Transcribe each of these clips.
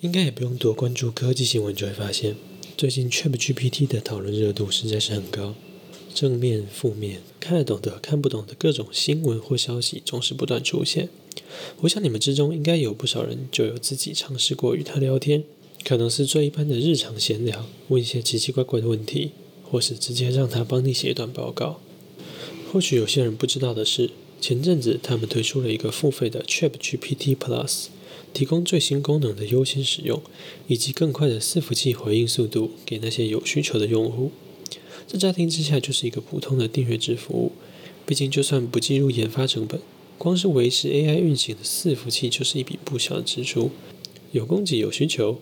應該也不用多關注科技新聞，就會發現最近 ChatGPT 的討論熱度實在是很高，正面、負面、看得懂的、看不懂的各種新聞或消息總是不斷出現。我想你們之中應該有不少人就有自己嘗試過與它聊天，可能是最一般的日常閒聊，問一些奇奇怪怪的問題，或是直接讓它幫你寫一段報告。或許有些人不知道的是，前陣子他們推出了一個付費的 ChatGPT Plus。提供最新功能的優先使用，以及更快的伺服器回應速度，給那些有需求的用戶。這乍聽之下就是一個普通的訂閱制服務。畢竟，就算不計入研發成本，光是維持 AI 運行的伺服器就是一筆不小的支出。有供給有需求，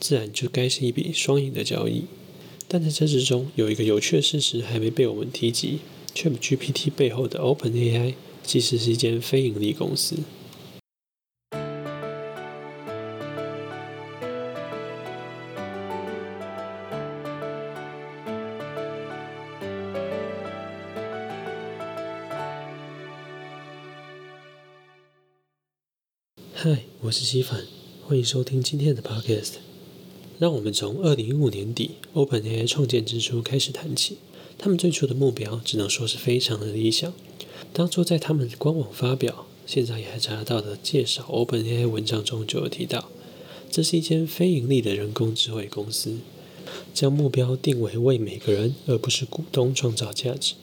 自然就該是一筆雙贏的交易。但在這之中，有一個有趣的事實還沒被我們提及：ChatGPT 背後的 OpenAI 其實是一間非盈利公司。我是西凡，歡迎收聽今天的 podcast。讓我們從二零一五年底 OpenAI 創建之初開始談起。他們最初的目標，只能說是非常的理想。當初在他們的官網發表，現在也還查得到的介紹 OpenAI 文章中就有提到，這是一間非營利的人工智慧公司，將目標定為為每個人，而不是股東創造價值，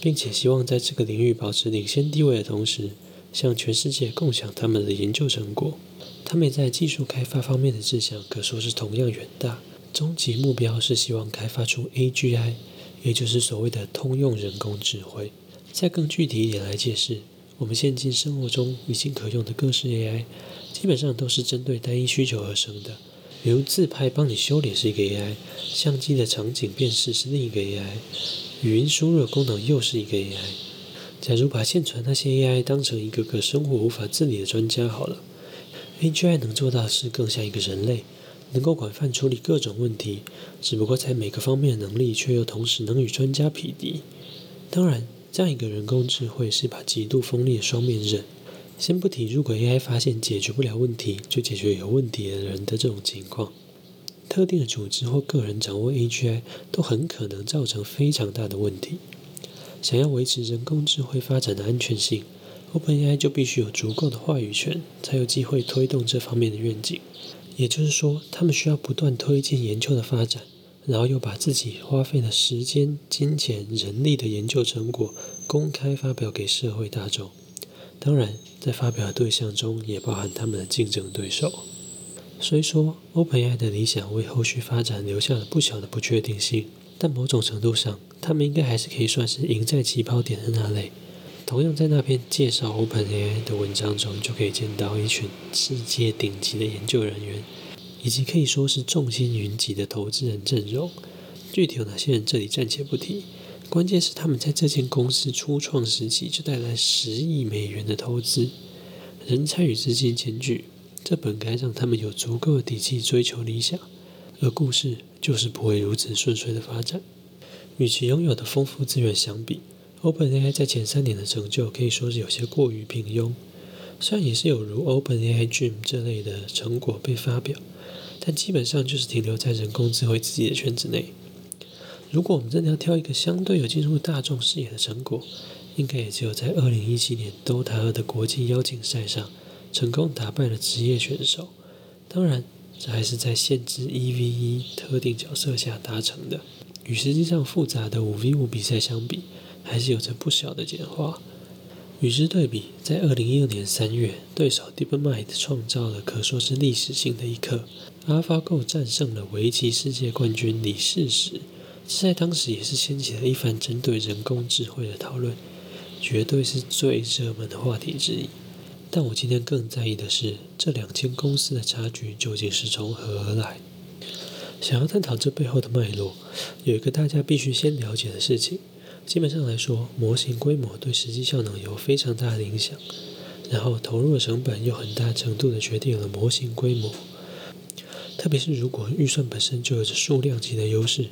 並且希望在這個領域保持領先地位的同時。向全世界共享他們的研究成果，他們在技術開發方面的志向可說是同樣遠大。終極目標是希望開發出 AGI，也就是所謂的通用人工智慧。再更具體一點來解釋，我們現今生活中已經可用的各式 AI，基本上都是針對單一需求而生的。比如自拍幫你修理是一個 AI，相機的場景辨識是另一個 AI，語音輸入功能又是一個 AI。假如把現存那些 AI 當成一個個生活無法自理的專家好了，AGI 能做到的是更像一個人類，能夠廣泛處理各種問題，只不過在每個方面的能力卻又同時能與專家匹敵。當然，這樣一個人工智慧是把極度鋒利的雙面刃。先不提如果 AI 發現解決不了問題，就解決有問題的人的這種情況，特定的組織或個人掌握 AGI，都很可能造成非常大的問題。想要維持人工智慧發展的安全性，OpenAI 就必須有足夠的話語權，才有機會推動這方面的願景。也就是說，他們需要不斷推進研究的發展，然後又把自己花費的時間、金錢、人力的研究成果公開發表給社會大眾。當然，在發表的對象中也包含他們的競爭對手。所以說，OpenAI 的理想為後續發展留下了不小的不確定性。但某種程度上，他們應該還是可以算是贏在起跑點的那類。同樣在那篇介紹 OpenAI 的文章中，就可以見到一群世界頂級的研究人員，以及可以說是眾星雲集的投資人陣容。具體有哪些人，這裡暫且不提。關鍵是他們在這間公司初創時期就帶來十億美元的投資，人才與資金兼具，這本該讓他們有足夠的底氣追求理想。而故事就是不會如此順遂的發展。與其擁有的豐富資源相比，OpenAI 在前三年的成就可以說是有些過於平庸。雖然也是有如 OpenAI Gym 這類的成果被發表，但基本上就是停留在人工智慧自己的圈子內。如果我們真的要挑一個相對有進入大眾視野的成果，應該也只有在二零一七年 Dota2 的國際邀請賽上，成功打敗了職業選手。當然。這還是在限制一 v 一特定角色下達成的，與實際上複雜的五 v 五比賽相比，還是有着不小的簡化。與之對比，在二零一二年三月，對手 DeepMind 創造了可說是歷史性的一刻，AlphaGo 戰勝了圍棋世界冠軍李世石，這在當時也是掀起了一番針對人工智慧的討論，絕對是最熱門的話題之一。但我今天更在意的是，這兩間公司的差距究竟是從何而來？想要探討這背後的脈絡，有一個大家必須先了解的事情。基本上來說，模型規模對實際效能有非常大的影響，然後投入的成本又很大程度地決定了模型規模。特別是如果預算本身就有着數量級的優勢，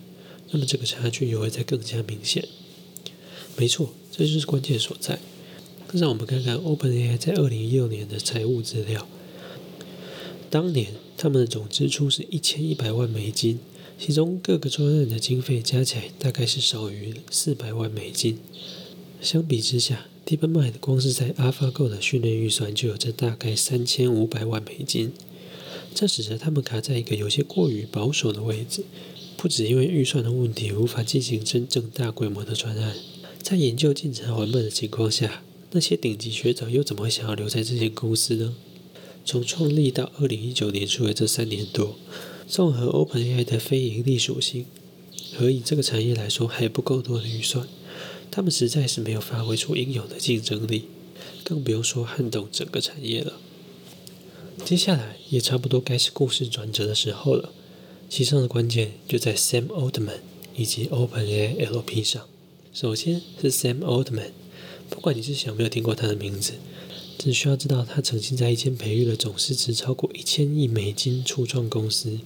那麼這個差距又會再更加明顯。沒錯，這就是關鍵所在。讓我們看看 OpenAI 在二零一六年的財務資料。當年他們的總支出是一千一百萬美金，其中各個專案的經費加起來大概是少於四百萬美金。相比之下，DeepMind 光是在 AlphaGo 的訓練預算就有着大概三千五百萬美金，這使得他們卡在一個有些過於保守的位置。不只因為預算的問題，無法進行真正大規模的專案，在研究進展緩慢的情況下。那些頂級學者又怎麼會想要留在這間公司呢？從創立到二零一九年初的這三年多，綜合 OpenAI 的非盈利屬性和以這個產業來說還不夠多的預算，他們實在是沒有發揮出應有的競爭力，更不用說撼動整個產業了。接下來也差不多該是故事轉折的時候了，其上的關鍵就在 Sam Altman 以及 OpenAI LP 上。首先是 Sam Altman。不管你之前有沒有聽過他的名字，只需要知道他曾經在一間培育了總市值超過一千億美金初創公司，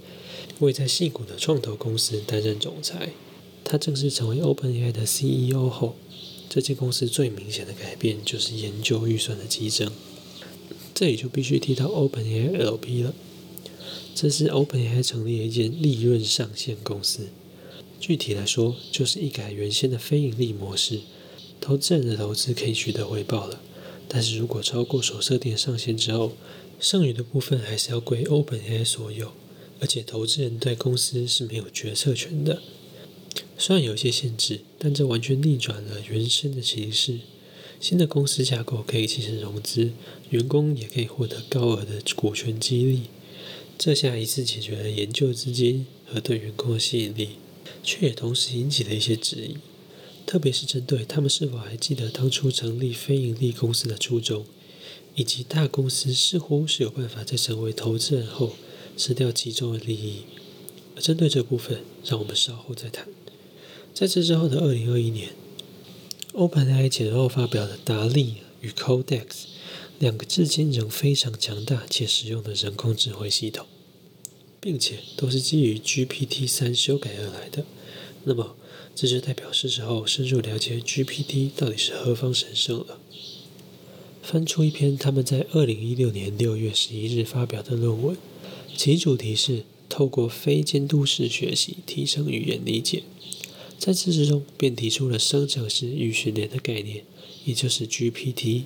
位在矽谷的創投公司擔任總裁。他正式成為 OpenAI 的 CEO 後，這間公司最明顯的改變就是研究預算的激增。這裡就必須提到 OpenAI LP 了，這是 OpenAI 成立了一間利潤上限公司，具體來說就是一改原先的非盈利模式。投資人的投資可以取得回報了，但是如果超過所設定的上限之後，剩餘的部分還是要歸 OpenAI 所有，而且投資人對公司是沒有決策權的。雖然有些限制，但這完全逆轉了原先的形勢。新的公司架構可以進行融資，員工也可以獲得高額的股權激勵。這下一次解決了研究資金和對員工的吸引力，卻也同時引起了一些質疑。特別是針對他們是否還記得當初成立非盈利公司的初衷，以及大公司似乎是有辦法在成為投資人後吃掉其中的利益。而針對這部分，讓我們稍後再談。在這之後的二零二一年，OpenAI 前後發表了達利與 Codex 兩個至今仍非常強大且實用的人工智慧系統，並且都是基於 GPT 三修改而來的。那麼，這就代表是時候深入了解 GPT 到底是何方神聖了。翻出一篇他們在二零一六年六月十一日發表的論文，其主題是透過非監督式學習提升語言理解，在這之中便提出了生成式預訓練的概念，也就是 GPT。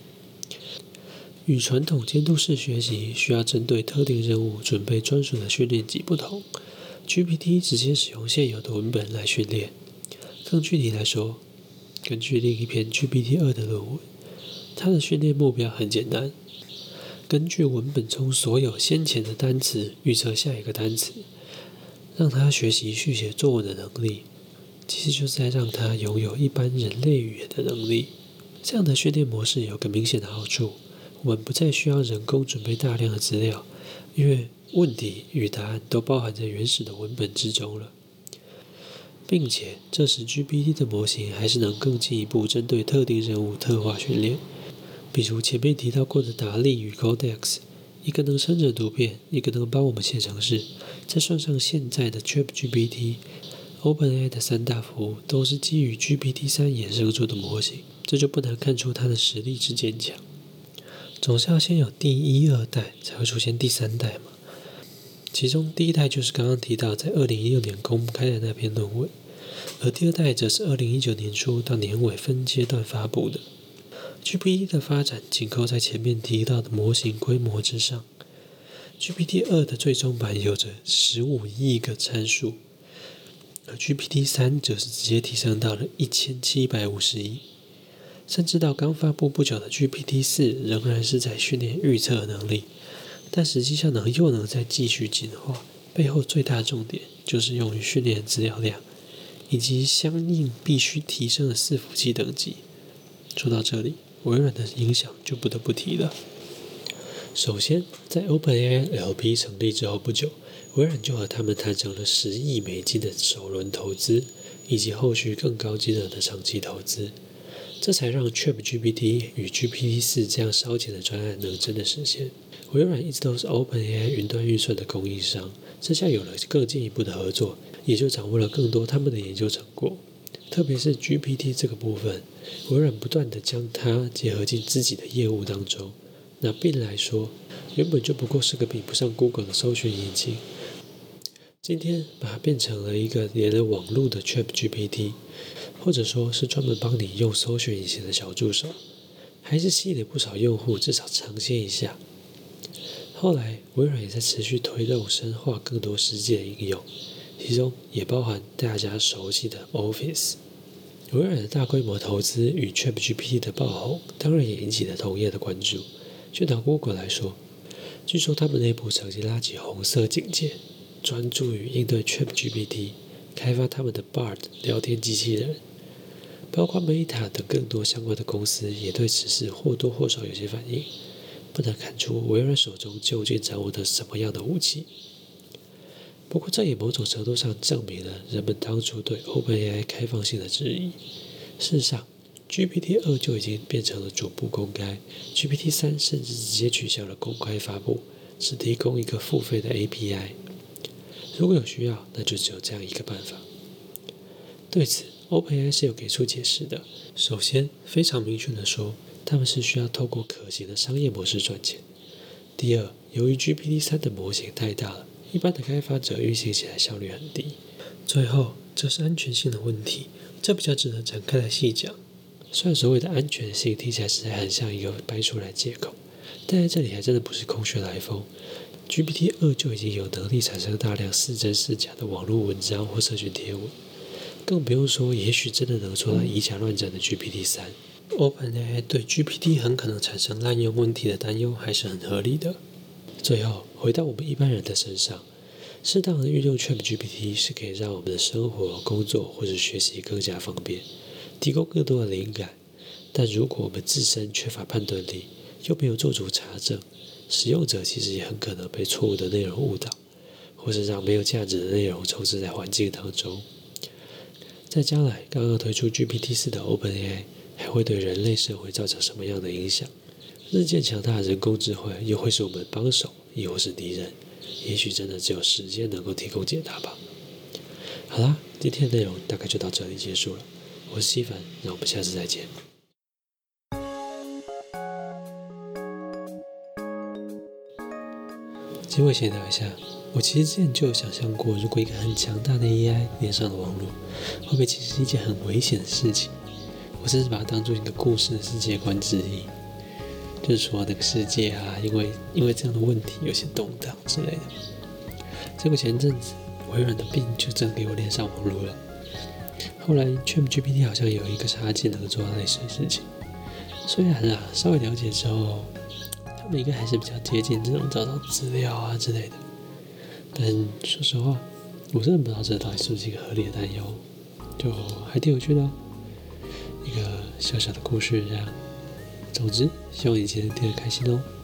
與傳統監督式學習需要針對特定任務準備專屬的訓練集不同，GPT 直接使用現有的文本來訓練。更具體來說，根據另一篇 GPT 二的論文，它的訓練目標很簡單：根據文本中所有先前的單詞預測下一個單詞，讓它學習續寫作文的能力，其實就是在讓它擁有一般人類語言的能力。這樣的訓練模式有個明顯的好處：我們不再需要人工準備大量的資料，因為問題與答案都包含在原始的文本之中了。並且，這時 GPT 的模型還是能更進一步針對特定任務特化訓練。比如前面提到過的達利與 Codex，一個能生成圖片，一個能幫我們寫程式。再算上現在的 ChatGPT，OpenAI 的三大服務，都是基於 GPT 三衍生出的模型，這就不難看出它的實力之堅強。總是要先有第一、二代，才會出現第三代嘛。其中第一代就是剛剛提到在二零一六年公開的那篇論文。而第二代則是二零一九年初到年尾分階段發佈的。GPT 的發展緊扣在前面提到的模型規模之上。GPT 二的最終版有着十五億個參數，而 GPT 三則是直接提升到了一千七百五十億。甚至到剛發佈不久的 GPT 四仍然是在訓練預測能力，但實際上呢，又能再繼續進化，背後最大重點就是用於訓練資料量。以及相應必須提升的伺服器等級。說到這裡，微軟的影響就不得不提了。首先，在 OpenAI LP 成立之後不久，微軟就和他們談成了十億美金的首輪投資，以及後續更高金額的長期投資。這才讓 ChatGPT 與 GPT 四這樣燒錢的專案能真的實現。微軟一直都是 OpenAI 雲端運算的供應商，這下有了更進一步的合作，也就掌握了更多他們的研究成果。特別是 GPT 這個部分，微軟不斷地將它結合進自己的業務當中。拿病來說，原本就不過是個比不上 Google 的搜尋引擎。今天把它變成了一個連了網絡的 ChatGPT，或者說是專門幫你用搜尋引擎的小助手，還是吸引了不少用戶至少嘗鮮一下。後來微軟也在持續推動深化更多實際的應用，其中也包含大家熟悉的 Office。微軟的大規模投資與 ChatGPT 的爆紅，當然也引起了同業的關注。就拿谷歌來說，據說他們內部曾經拉起紅色警戒。專注於應對 ChatGPT，開發他們的 Bard 聊天機器人，包括 Meta 等更多相關的公司也對此事或多或少有些反應。不難看出，微軟手中究竟掌握着什麼樣的武器。不過，這也某種程度上證明了人們當初對 OpenAI 開放性的質疑。事實上，GPT 二就已經變成了逐步公開，GPT 三甚至直接取消了公開發布，只提供一個付費的 API。如果有需要，那就只有這樣一個辦法。對此，OpenAI 是有給出解釋的。首先，非常明確地說，他們是需要透過可行的商業模式賺錢。第二，由於 GPT 三的模型太大了，一般的開發者運行起來效率很低。最後，這是安全性的問題，這比較值得展開來細講。雖然所謂的安全性聽起來是很像一個掰出來的借口，但在這裡還真的不是空穴來風。GPT 二就已經有能力產生大量似真似假的網絡文章或社群貼文，更不用說，也許真的能做到以假亂真的 GPT 三。OpenAI 對 GPT 很可能產生濫用問題的擔憂還是很合理的。最後，回到我們一般人的身上，適當的運用 ChatGPT 是可以讓我們的生活、工作或者學習更加方便，提供更多的靈感。但如果我們自身缺乏判斷力，又沒有做足查證，使用者其實也很可能被錯誤的內容誤導，或是讓沒有價值的內容充斥在環境當中。在將來，剛剛推出 GPT 四的 OpenAI 還會對人類社會造成什麼樣的影響？日漸強大的人工智慧又會是我們的幫手，亦或是敵人？也許真的只有時間能夠提供解答吧。好啦，今天的內容大概就到這裡結束了。我是西凡，那我們下次再見。結尾閒聊一下。我其實之前就有想象過，如果一個很強大的 AI 連上了網絡，會不會其實是一件很危險的事情？我甚至把它當作一個故事的世界觀之一，就是說那個世界啊，因為因為這樣的問題有些動盪之類的。結果前陣子微軟的病就真給我連上網絡了。後來 ChatGPT 好像有一個插件能做到類似的事情。雖然啊，稍微了解之後。應該還是比較接近這種找到資料啊之類的，但說實話，我真的不知道這到底是不是一個合理的擔憂，就還挺有趣的，一個小小的故事這樣。總之，希望你今天聽得開心哦、喔。